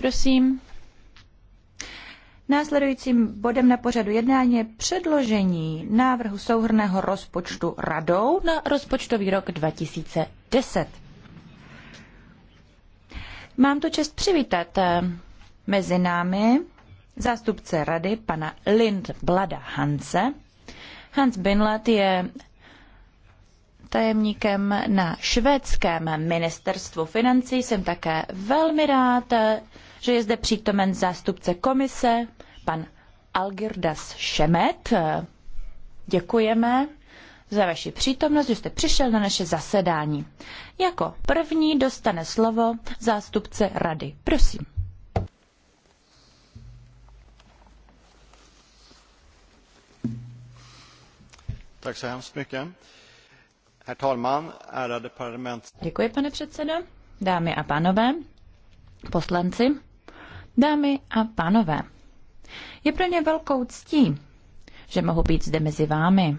Prosím. Následujícím bodem na pořadu jednání je předložení návrhu souhrného rozpočtu radou na rozpočtový rok 2010. Mám tu čest přivítat eh, mezi námi zástupce rady pana Lind Blada Hanse. Hans Binlet je tajemníkem na švédském ministerstvu financí. Jsem také velmi rád, eh, že je zde přítomen zástupce komise, pan Algirdas Šemet. Děkujeme za vaši přítomnost, že jste přišel na naše zasedání. Jako první dostane slovo zástupce rady. Prosím. Tak se hemskt mycket. Herr talman, ärade parlament. Děkuji, pane předsedo. Dámy a pánové, poslanci, Dámy a pánové, je pro mě velkou ctí, že mohu být zde mezi vámi.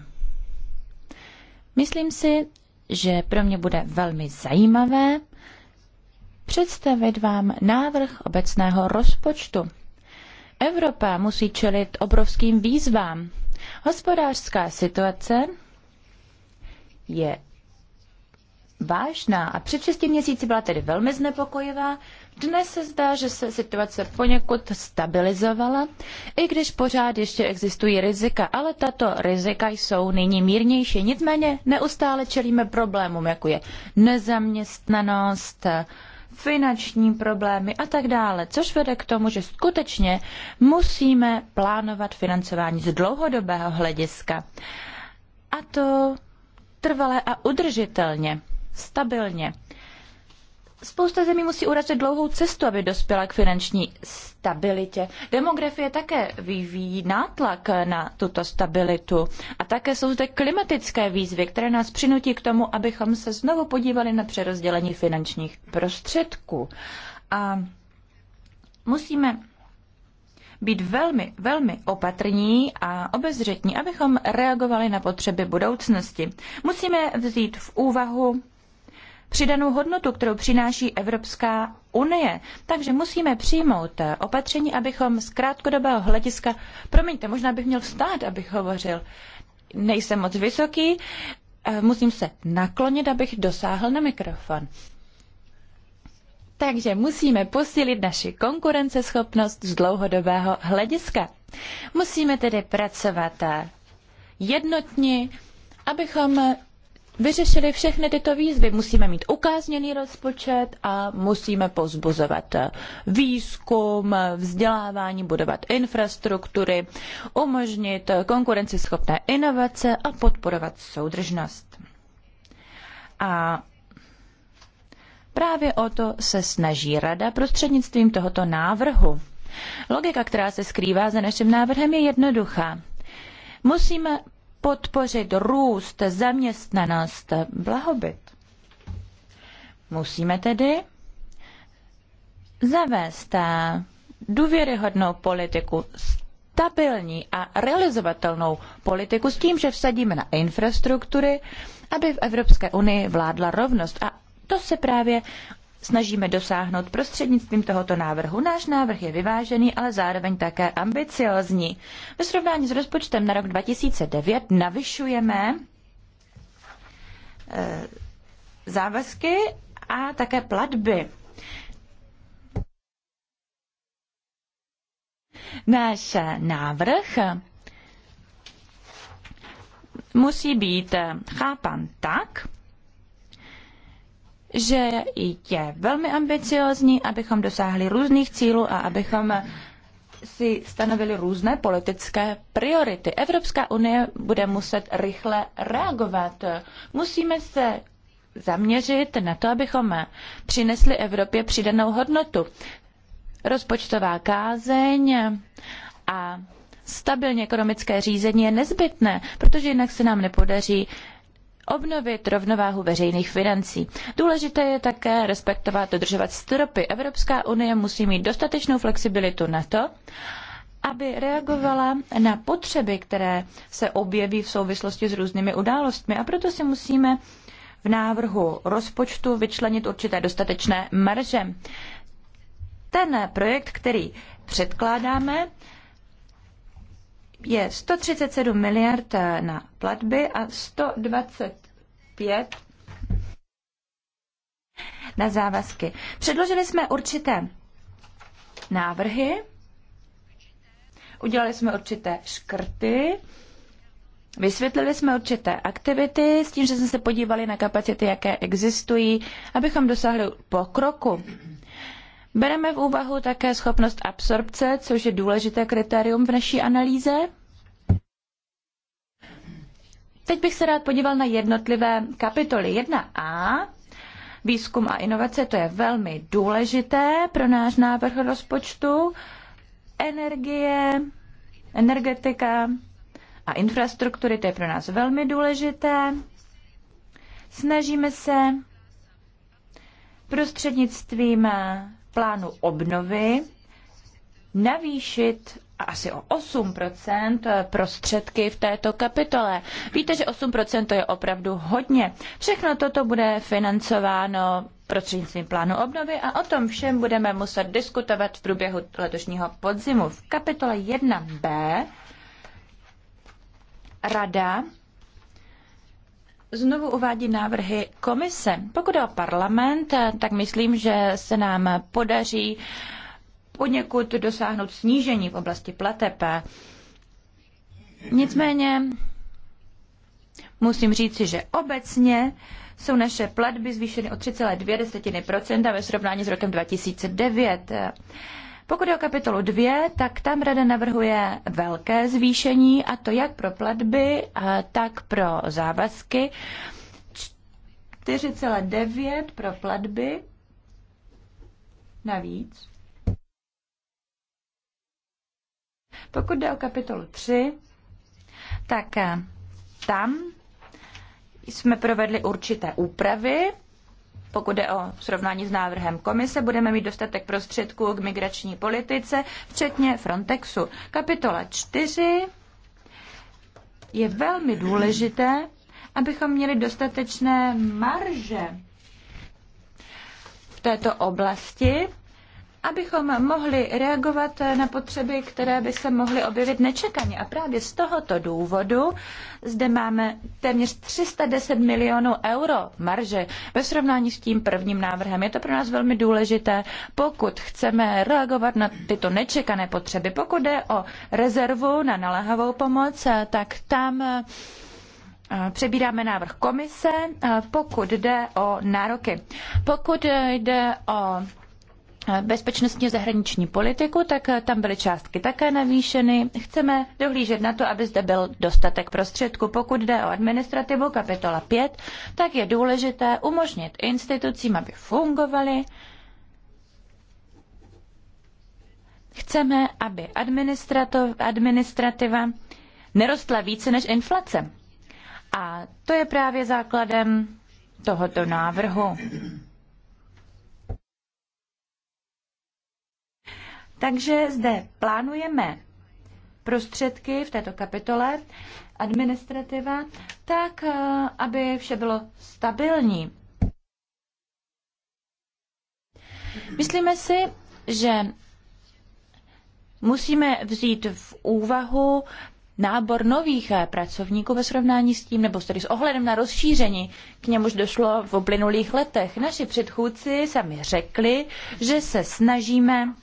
Myslím si, že pro mě bude velmi zajímavé představit vám návrh obecného rozpočtu. Evropa musí čelit obrovským výzvám. Hospodářská situace je vážná a před 6 měsíci byla tedy velmi znepokojivá dnes se zdá, že se situace poněkud stabilizovala, i když pořád ještě existují rizika, ale tato rizika jsou nyní mírnější. Nicméně neustále čelíme problémům, jako je nezaměstnanost, finanční problémy a tak dále, což vede k tomu, že skutečně musíme plánovat financování z dlouhodobého hlediska. A to trvale a udržitelně, stabilně. Spousta zemí musí urazit dlouhou cestu, aby dospěla k finanční stabilitě. Demografie také vyvíjí nátlak na tuto stabilitu. A také jsou zde klimatické výzvy, které nás přinutí k tomu, abychom se znovu podívali na přerozdělení finančních prostředků. A musíme být velmi, velmi opatrní a obezřetní, abychom reagovali na potřeby budoucnosti. Musíme vzít v úvahu přidanou hodnotu, kterou přináší Evropská unie. Takže musíme přijmout eh, opatření, abychom z krátkodobého hlediska, promiňte, možná bych měl vstát, abych hovořil, nejsem moc vysoký, eh, musím se naklonit, abych dosáhl na mikrofon. Takže musíme posílit naši konkurenceschopnost z dlouhodobého hlediska. Musíme tedy pracovat eh, jednotně, abychom vyřešili všechny tyto výzvy. Musíme mít ukázněný rozpočet a musíme pozbuzovat výzkum, vzdělávání, budovat infrastruktury, umožnit konkurenceschopné inovace a podporovat soudržnost. A právě o to se snaží Rada prostřednictvím tohoto návrhu. Logika, která se skrývá za naším návrhem, je jednoduchá. Musíme podpořit růst, zaměstnanost, blahobyt. Musíme tedy zavést důvěryhodnou politiku, stabilní a realizovatelnou politiku s tím, že vsadíme na infrastruktury, aby v Evropské unii vládla rovnost. A to se právě snažíme dosáhnout prostřednictvím tohoto návrhu. Náš návrh je vyvážený, ale zároveň také ambiciozní. Ve srovnání s rozpočtem na rok 2009 navyšujeme eh, závazky a také platby. Náš návrh musí být chápan tak, že je velmi ambiciozní, abychom dosáhli různých cílů a abychom si stanovili různé politické priority. Evropská unie bude muset rychle reagovat. Musíme se zaměřit na to, abychom přinesli Evropě přidanou hodnotu. Rozpočtová kázeň a stabilní ekonomické řízení je nezbytné, protože jinak se nám nepodaří obnovit rovnováhu veřejných financí. Důležité je také respektovat, dodržovat stropy. Evropská unie musí mít dostatečnou flexibilitu na to, aby reagovala na potřeby, které se objeví v souvislosti s různými událostmi. A proto si musíme v návrhu rozpočtu vyčlenit určité dostatečné marže. Ten projekt, který předkládáme, je 137 miliard na platby a 120 pět na závazky. Předložili jsme určité návrhy, udělali jsme určité škrty, Vysvětlili jsme určité aktivity s tím, že jsme se podívali na kapacity, jaké existují, abychom dosáhli pokroku. Bereme v úvahu také schopnost absorpce, což je důležité kritérium v naší analýze. Teď bych se rád podíval na jednotlivé kapitoly. 1a, výzkum a inovace, to je velmi důležité pro náš návrh rozpočtu. Energie, energetika a infrastruktury, to je pro nás velmi důležité. Snažíme se prostřednictvím plánu obnovy navýšit a asi o 8% prostředky v této kapitole. Víte, že 8% to je opravdu hodně. Všechno toto bude financováno prostřednictvím plánu obnovy a o tom všem budeme muset diskutovat v průběhu letošního podzimu. V kapitole 1b Rada znovu uvádí návrhy komise. Pokud je o parlament, tak myslím, že se nám podaří uh, poněkud dosáhnout snížení v oblasti plateb. Nicméně musím říci, že obecně jsou naše platby zvýšeny o 3,2% ve srovnání s rokem 2009. Pokud je o kapitolu 2, tak tam rada navrhuje velké zvýšení, a to jak pro platby, tak pro závazky. 4,9 pro platby navíc Pokud jde o kapitolu 3, tak eh, tam jsme provedli určité úpravy. Pokud jde o srovnání s návrhem komise, budeme mít dostatek prostředků k migrační politice, včetně Frontexu. Kapitola 4 je velmi důležité, abychom měli dostatečné marže v této oblasti abychom mohli reagovat na potřeby, které by se mohly objevit nečekaně. A právě z tohoto důvodu zde máme téměř 310 milionů euro marže ve srovnání s tím prvním návrhem. Je to pro nás velmi důležité, pokud chceme reagovat na tyto nečekané potřeby. Pokud jde o rezervu na naléhavou pomoc, tak tam eh, Přebíráme návrh komise, eh, pokud jde o nároky. Pokud jde o Eh, bezpečnostní zahraniční politiku, tak eh, tam byly částky také navýšeny. Chceme dohlížet na to, aby zde byl dostatek prostředků. Pokud jde o administrativu kapitola 5, tak je důležité umožnit institucím, aby fungovaly. Chceme, aby administrativa nerostla více než inflace. A to je právě základem tohoto návrhu. Takže zde plánujeme prostředky v této kapitole, administrativa, tak, eh, aby vše bylo stabilní. Myslíme si, že musíme vzít v úvahu nábor nových eh, pracovníků ve srovnání s tím, nebo tedy s ohledem na rozšíření, k němuž došlo v uplynulých letech. Naši předchůdci sami řekli, že se snažíme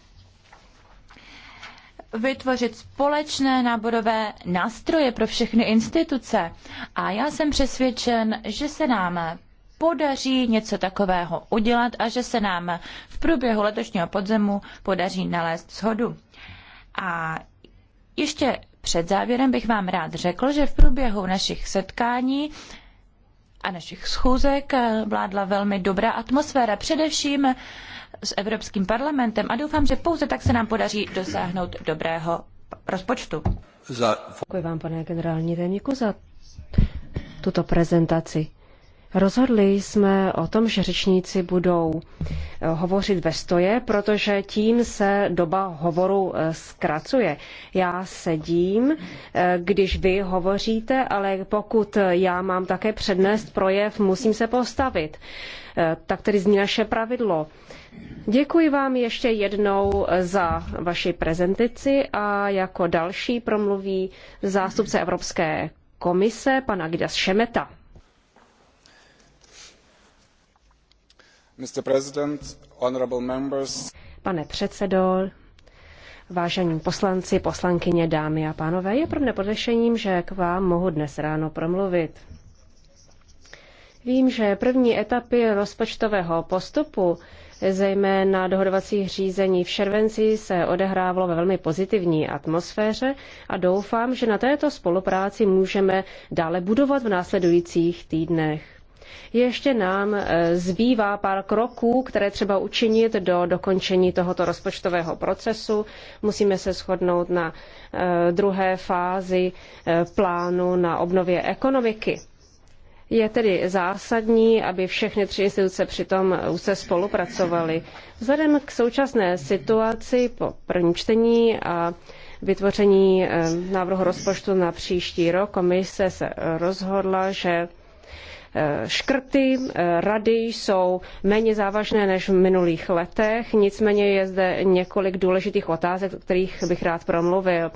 vytvořit společné náborové nástroje pro všechny instituce. A já jsem přesvědčen, že se nám podaří něco takového udělat a že se nám v průběhu letošního podzimu podaří nalézt shodu. A ještě před závěrem bych vám rád řekl, že v průběhu našich setkání a našich schůzek vládla velmi dobrá atmosféra, především s Evropským parlamentem a doufám, že pouze tak se nám podaří dosáhnout dobrého rozpočtu. Za... Děkuji vám, pane generální tajemníku, za tuto prezentaci. Rozhodli jsme o tom, že řečníci budou eh, hovořit ve stoje, protože tím se doba hovoru eh, zkracuje. Já sedím, eh, když vy hovoříte, ale pokud já mám také přednést projev, musím se postavit. Tak tedy zní naše pravidlo. Děkuji vám ještě jednou za vaši prezentaci a jako další promluví zástupce Evropské komise, pan Agidas Šemeta. Pane předsedo, vážení poslanci, poslankyně, dámy a pánové, je pro mne podešením, že k vám mohu dnes ráno promluvit. Vím, že první etapy rozpočtového postupu, zejména dohodovacích řízení v červenci, se odehrávalo ve velmi pozitivní atmosféře a doufám, že na této spolupráci můžeme dále budovat v následujících týdnech. Ještě nám eh, zbývá pár kroků, které třeba učinit do dokončení tohoto rozpočtového procesu. Musíme se shodnout na eh, druhé fázi eh, plánu na obnově ekonomiky. Je tedy zásadní, aby všechny tři instituce přitom úzce spolupracovaly. Vzhledem k současné situaci po prvním čtení a vytvoření návrhu rozpočtu na příští rok komise se rozhodla, že Eh, škrty eh, rady jsou méně závažné než v minulých letech, nicméně je zde několik důležitých otázek, o kterých bych rád promluvil.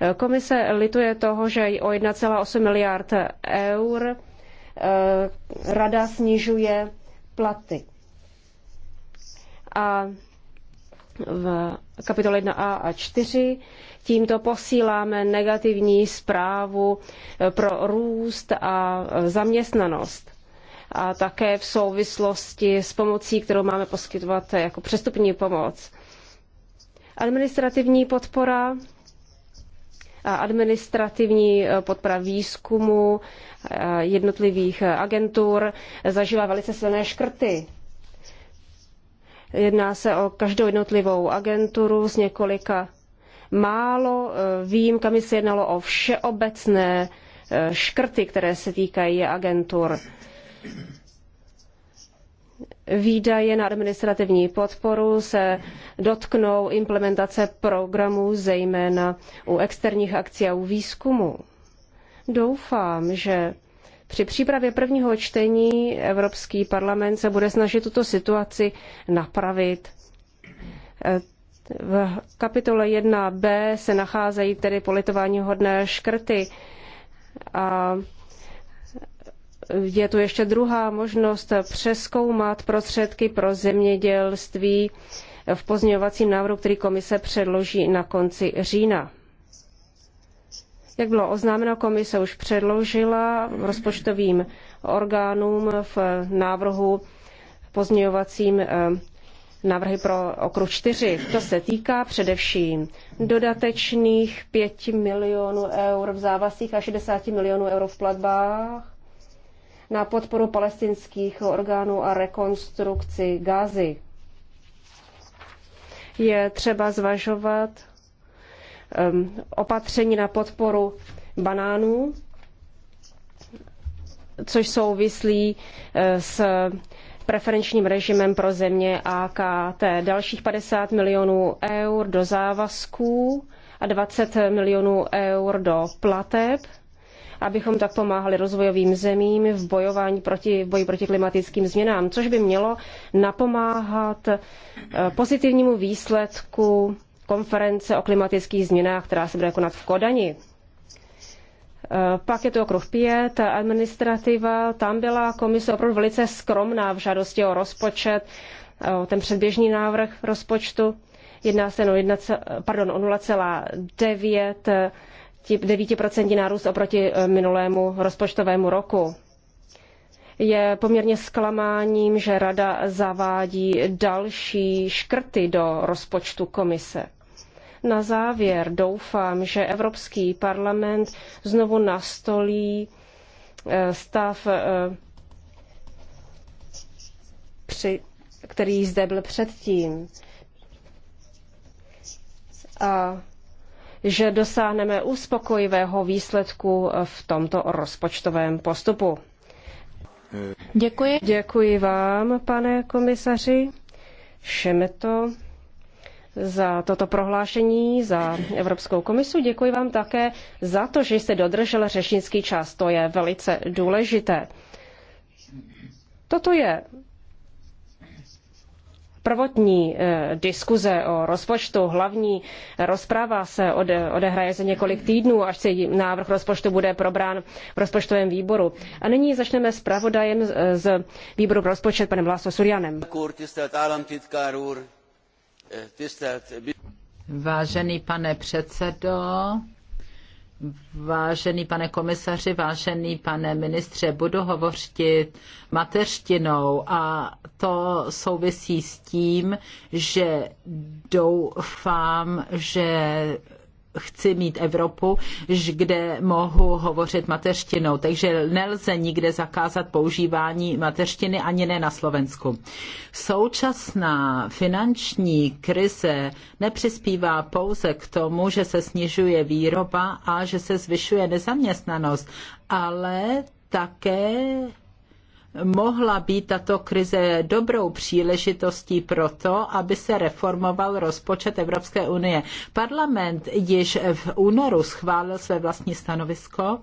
Eh, komise lituje toho, že o 1,8 miliard eur rada snižuje platy. A v kapitole 1a a 4. Tímto posíláme negativní zprávu eh, pro růst a eh, zaměstnanost. A také v souvislosti s pomocí, kterou máme poskytovat eh, jako přestupní pomoc. Administrativní podpora a administrativní podpora výzkumu jednotlivých agentur zažila velice silné škrty Jedná se o každou jednotlivou agenturu z několika málo eh, výjimkami se jednalo o všeobecné eh, škrty, které se týkají agentur. Výdaje na administrativní podporu se dotknou implementace programů, zejména u externích akcí a u výzkumu. Doufám, že při přípravě prvního čtení Evropský parlament se bude snažit tuto situaci napravit. E, v kapitole 1b se nacházejí tedy politování škrty. A je tu ještě druhá možnost přeskoumat prostředky pro zemědělství v pozměňovacím návrhu, který komise předloží na konci října. Jak bylo oznámeno, komise už předložila rozpočtovým orgánům v návrhu pozměňovacím eh, návrhy pro okruh 4. To se týká především dodatečných 5 milionů eur v závazcích a 60 milionů eur v platbách na podporu palestinských orgánů a rekonstrukci Gázy. Je třeba zvažovat Um, opatření na podporu banánů, což souvislí uh, s preferenčním režimem pro země AKT. Dalších 50 milionů eur do závazků a 20 milionů eur do plateb, abychom tak pomáhali rozvojovým zemím v bojování proti, v boji proti klimatickým změnám, což by mělo napomáhat uh, pozitivnímu výsledku konference o klimatických změnách, která se bude konat v Kodani. E, pak je to okruh 5, administrativa. Tam byla komise opravdu velice skromná v žádosti o rozpočet, e, o ten předběžný návrh rozpočtu. Jedná se no jedna, pardon, o 0,9 9% e, nárůst oproti minulému rozpočtovému roku. Je poměrně zklamáním, že rada zavádí další škrty do rozpočtu komise. Na závěr doufám, že Evropský parlament znovu nastolí eh, stav, eh, který zde byl předtím. A že dosáhneme uspokojivého výsledku eh, v tomto rozpočtovém postupu. Děkuji. Děkuji vám, pane komisaři. Šemeto za toto prohlášení, za Evropskou komisi. Děkuji vám také za to, že jste dodržel řešnický čas. To je velice důležité. Toto je prvotní eh, diskuze o rozpočtu. Hlavní eh, rozpráva se ode, odehraje za několik týdnů, až se návrh rozpočtu bude probrán v rozpočtovém výboru. A nyní začneme s pravodajem z výboru pro rozpočet panem László Surjanem. Vážený pane předsedo, vážený pane komisaři, vážený pane ministře, budu hovořit mateřtinou a to souvisí s tím, že doufám, že chci mít Evropu, kde mohu hovořit mateřštinou. Takže nelze nikde zakázat používání mateřštiny, ani ne na Slovensku. Současná finanční krize nepřispívá pouze k tomu, že se snižuje výroba a že se zvyšuje nezaměstnanost, ale také mohla být tato krize dobrou příležitostí pro to, aby se reformoval rozpočet Evropské unie. Parlament již v únoru schválil své vlastní stanovisko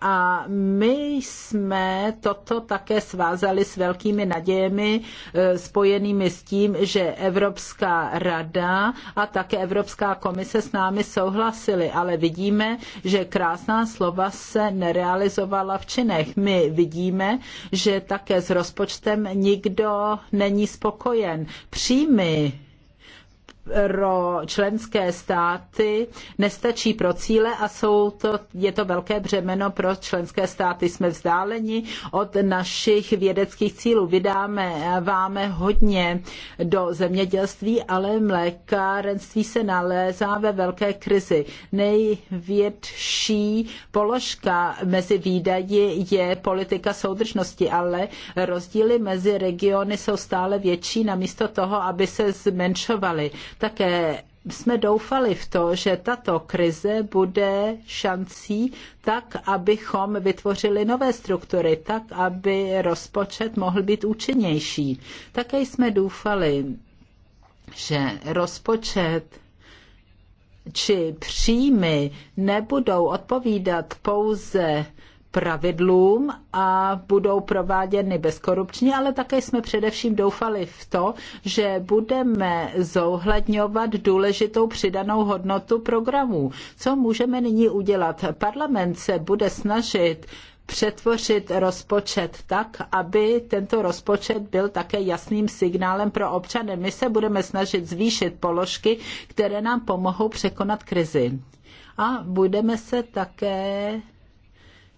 a my jsme toto také svázali s velkými nadějemi e, spojenými s tím, že Evropská rada a také Evropská komise s námi souhlasily, ale vidíme, že krásná slova se nerealizovala v činech. My vidíme, že také s rozpočtem nikdo není spokojen. Příjmy pro členské státy nestačí pro cíle a jsou to, je to velké břemeno pro členské státy. Jsme vzdáleni od našich vědeckých cílů. Vydáme váme hodně do zemědělství, ale mlékárenství se nalézá ve velké krizi. Největší položka mezi výdaji je politika soudržnosti, ale rozdíly mezi regiony jsou stále větší namísto toho, aby se zmenšovaly také jsme doufali v to, že tato krize bude šancí tak, abychom vytvořili nové struktury, tak, aby rozpočet mohl být účinnější. Také jsme doufali, že rozpočet či příjmy nebudou odpovídat pouze pravidlům a budou prováděny bezkorupčně, ale také jsme především doufali v to, že budeme zohledňovat důležitou přidanou hodnotu programů. Co můžeme nyní udělat? Parlament se bude snažit přetvořit rozpočet tak, aby tento rozpočet byl také jasným signálem pro občany. My se budeme snažit zvýšit položky, které nám pomohou překonat krizi. A budeme se také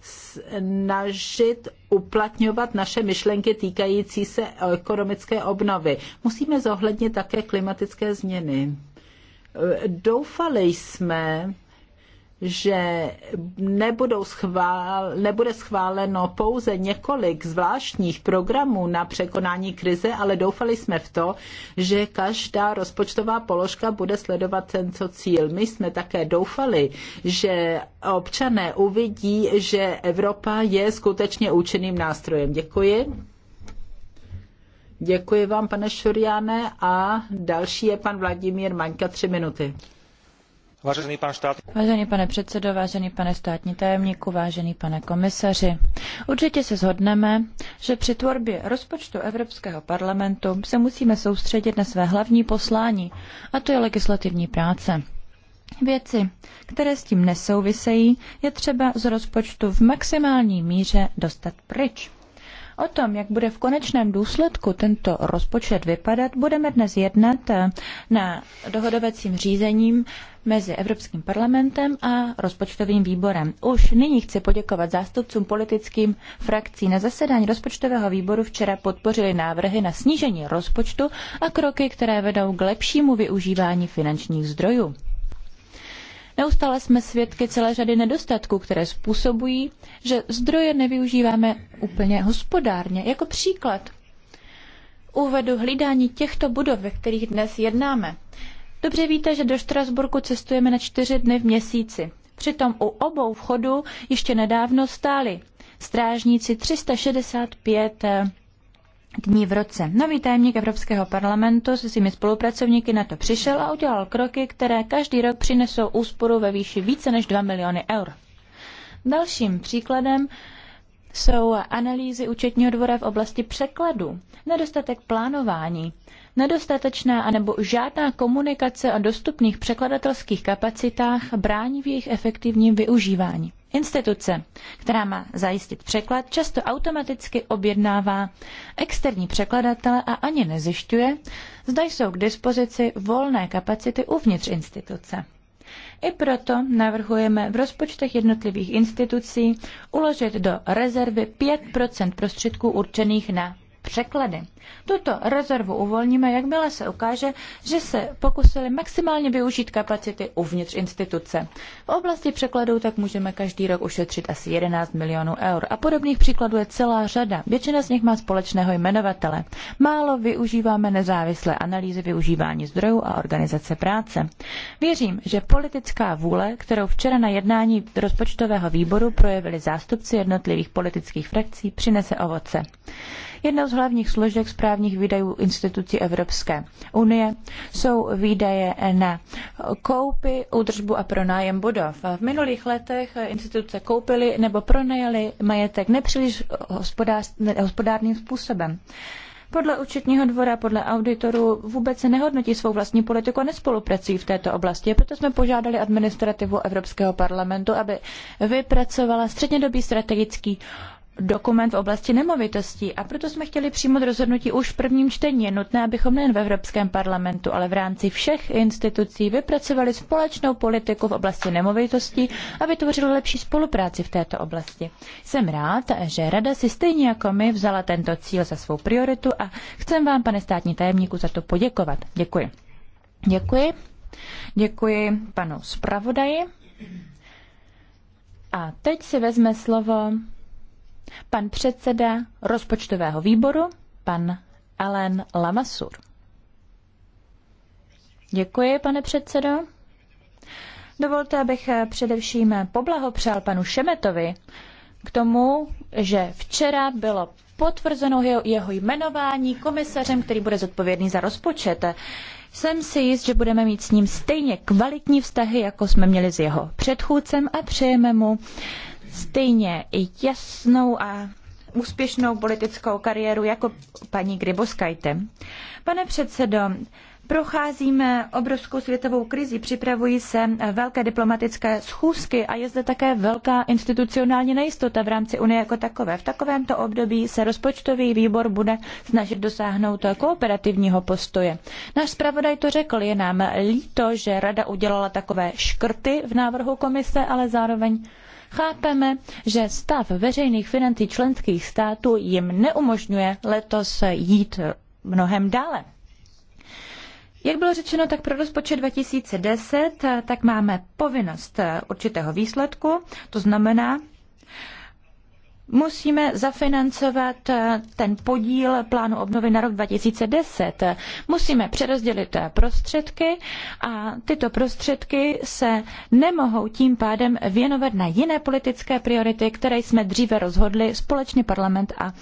snažit uplatňovat naše myšlenky týkající se ekonomické obnovy. Musíme zohlednit také klimatické změny. Doufali jsme, že nebudou schvál, nebude schváleno pouze několik zvláštních programů na překonání krize, ale doufali jsme v to, že každá rozpočtová položka bude sledovat tento cíl. My jsme také doufali, že občané uvidí, že Evropa je skutečně účinným nástrojem. Děkuji. Děkuji vám, pane Šuriane, a další je pan Vladimír Maňka, tři minuty. Vážený, štát... vážený pane předsedo, vážený pane státní tajemníku, vážený pane komisaři, určitě se shodneme, že při tvorbě rozpočtu Evropského parlamentu se musíme soustředit na své hlavní poslání, a to je legislativní práce. Věci, které s tím nesouvisejí, je třeba z rozpočtu v maximální míře dostat pryč. O tom, jak bude v konečném důsledku tento rozpočet vypadat, budeme dnes jednat eh, na dohodovacím řízením mezi Evropským parlamentem a rozpočtovým výborem. Už nyní chci poděkovat zástupcům politickým frakcí. Na zasedání rozpočtového výboru včera podpořili návrhy na snížení rozpočtu a kroky, které vedou k lepšímu využívání finančních zdrojů. Neustále jsme svědky celé řady nedostatků, které způsobují, že zdroje nevyužíváme úplně hospodárně. Jako příklad uvedu hlídání těchto budov, ve kterých dnes jednáme. Dobře víte, že do Štrasburku cestujeme na čtyři dny v měsíci. Přitom u obou vchodů ještě nedávno stáli strážníci 365 dní v roce. Nový tajemník Evropského parlamentu se svými spolupracovníky na to přišel a udělal kroky, které každý rok přinesou úsporu ve výši více než 2 miliony eur. Dalším příkladem jsou analýzy účetního dvora v oblasti překladu, nedostatek plánování, nedostatečná anebo žádná komunikace o dostupných překladatelských kapacitách brání v jejich efektivním využívání. Instituce, která má zajistit překlad, často automaticky objednává externí překladatele a ani nezjišťuje, zda jsou k dispozici volné kapacity uvnitř instituce. I proto navrhujeme v rozpočtech jednotlivých institucí uložit do rezervy 5 prostředků určených na překlady tuto rezervu uvolníme, jakmile se ukáže, že se pokusili maximálně využít kapacity uvnitř instituce. V oblasti překladů tak můžeme každý rok ušetřit asi 11 milionů eur a podobných příkladů je celá řada. Většina z nich má společného jmenovatele. Málo využíváme nezávislé analýzy využívání zdrojů a organizace práce. Věřím, že politická vůle, kterou včera na jednání rozpočtového výboru projevili zástupci jednotlivých politických frakcí, přinese ovoce. Jednou z hlavních složek správních výdajů institucí Evropské unie jsou výdaje na koupy, údržbu a pronájem budov. V minulých letech instituce koupily nebo pronajaly majetek nepříliš hospodárným způsobem. Podle účetního dvora, podle auditorů vůbec se nehodnotí svou vlastní politiku a nespolupracují v této oblasti. Proto jsme požádali administrativu Evropského parlamentu, aby vypracovala střednědobý strategický dokument v oblasti nemovitostí a proto jsme chtěli přijmout rozhodnutí už v prvním čtení. Je nutné, abychom nejen v Evropském parlamentu, ale v rámci všech institucí vypracovali společnou politiku v oblasti nemovitostí a vytvořili lepší spolupráci v této oblasti. Jsem rád, že Rada si stejně jako my vzala tento cíl za svou prioritu a chcem vám, pane státní tajemníku, za to poděkovat. Děkuji. Děkuji. Děkuji panu zpravodaji. A teď si vezme slovo pan předseda rozpočtového výboru, pan Alain Lamassur. Děkuji, pane předsedo. Dovolte, abych především poblahopřál panu Šemetovi k tomu, že včera bylo potvrzeno jeho, jeho jmenování komisařem, který bude zodpovědný za rozpočet. Jsem si jist, že budeme mít s ním stejně kvalitní vztahy, jako jsme měli s jeho předchůdcem a přejeme mu stejně i jasnou a úspěšnou politickou kariéru jako paní Gryboskajte. Pane předsedo, Procházíme obrovskou světovou krizi, připravují se velké diplomatické schůzky a je zde také velká institucionální nejistota v rámci Unie jako takové. V takovémto období se rozpočtový výbor bude snažit dosáhnout kooperativního postoje. Náš zpravodaj to řekl, je nám líto, že Rada udělala takové škrty v návrhu komise, ale zároveň Chápeme, že stav veřejných financí členských států jim neumožňuje letos jít mnohem dále. Jak bylo řečeno, tak pro rozpočet 2010 tak máme povinnost určitého výsledku, to znamená, musíme zafinancovat eh, ten podíl plánu obnovy na rok 2010. Musíme přerozdělit eh, prostředky a tyto prostředky se nemohou tím pádem věnovat na jiné politické priority, které jsme dříve rozhodli společně parlament a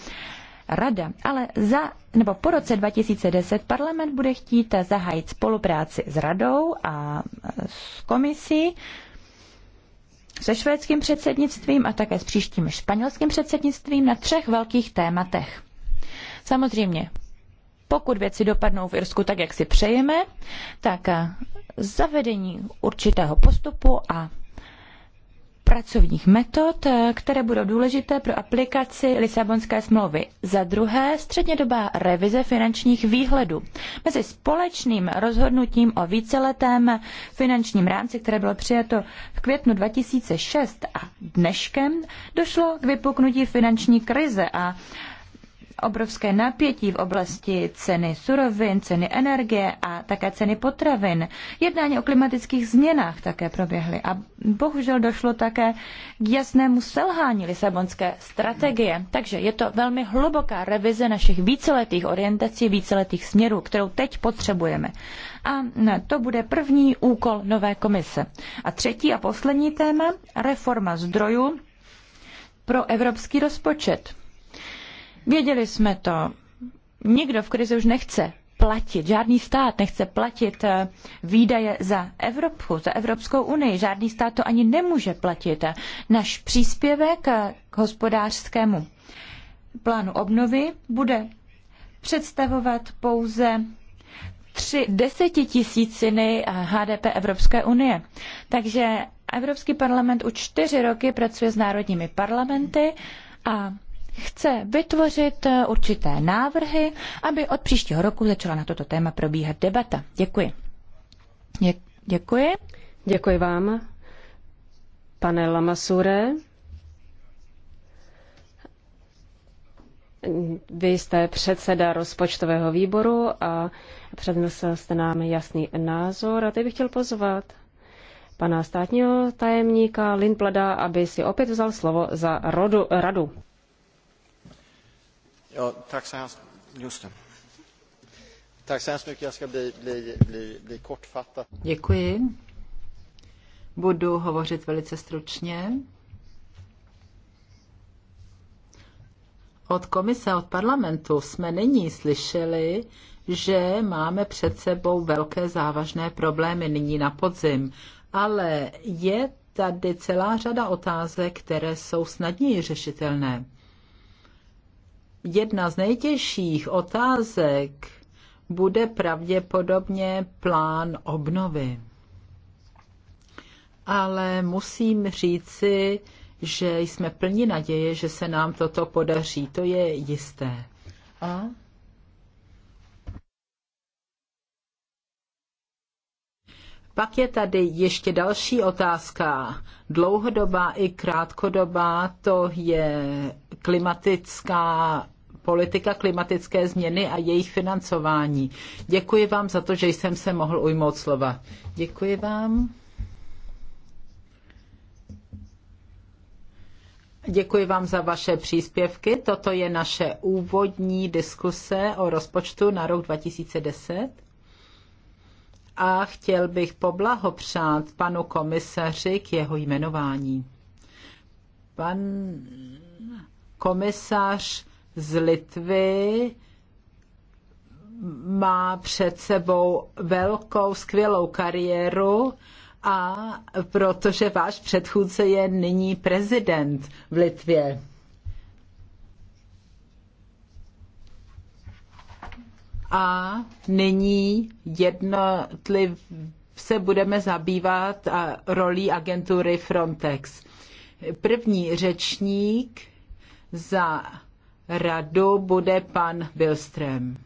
rada. Ale za, nebo po roce 2010 parlament bude chtít eh, zahájit spolupráci s radou a s komisí se švédským předsednictvím a také s příštím španělským předsednictvím na třech velkých tématech. Samozřejmě, pokud věci dopadnou v Irsku tak, jak si přejeme, tak eh, zavedení určitého postupu a pracovních metod, eh, které budou důležité pro aplikaci Lisabonské smlouvy. Za druhé, střednědobá revize finančních výhledů. Mezi společným rozhodnutím o víceletém finančním rámci, které bylo přijato v květnu 2006 a dneškem, došlo k vypuknutí finanční krize a obrovské napětí v oblasti ceny surovin, ceny energie a také ceny potravin. Jednání o klimatických změnách také proběhly a bohužel došlo také k jasnému selhání Lisabonské strategie. Takže je to velmi hluboká revize našich víceletých orientací, víceletých směrů, kterou teď potřebujeme. A to bude první úkol nové komise. A třetí a poslední téma, reforma zdrojů pro evropský rozpočet. Věděli jsme to. Nikdo v krizi už nechce platit, žádný stát nechce platit eh, výdaje za Evropu, za Evropskou unii. Žádný stát to ani nemůže platit. Náš příspěvek eh, k hospodářskému plánu obnovy bude představovat pouze tři desetitisíciny HDP eh, Evropské unie. Takže Evropský parlament už čtyři roky pracuje s národními parlamenty a chce vytvořit eh, určité návrhy, aby od příštího roku začala na toto téma probíhat debata. Děkuji. Děkuji. Děkuji vám, pane Lamasure. Vy jste předseda rozpočtového výboru a přednesl jste nám jasný názor a teď bych chtěl pozvat pana státního tajemníka Lindblada, aby si opět vzal slovo za rodu, radu. Děkuji. Budu hovořit velice stručně. Od komise, od parlamentu jsme nyní slyšeli, že máme před sebou velké závažné problémy nyní na podzim, ale je tady celá řada otázek, které jsou snadněji řešitelné jedna z nejtěžších otázek bude pravděpodobně plán obnovy. Ale musím říci, že jsme plní naděje, že se nám toto podaří. To je jisté. A? Pak je tady ještě další otázka. Dlouhodobá i krátkodobá, to je klimatická politika klimatické změny a jejich financování. Děkuji vám za to, že jsem se mohl ujmout slova. Děkuji vám. Děkuji vám za vaše příspěvky. Toto je naše úvodní diskuse o rozpočtu na rok 2010. A chtěl bych poblahopřát panu komisaři k jeho jmenování. Pan komisař z Litvy má před sebou velkou, skvělou kariéru a protože váš předchůdce je nyní prezident v Litvě. A nyní jednotliv se budeme zabývat a rolí agentury Frontex. První řečník za radu bude pan Bilström.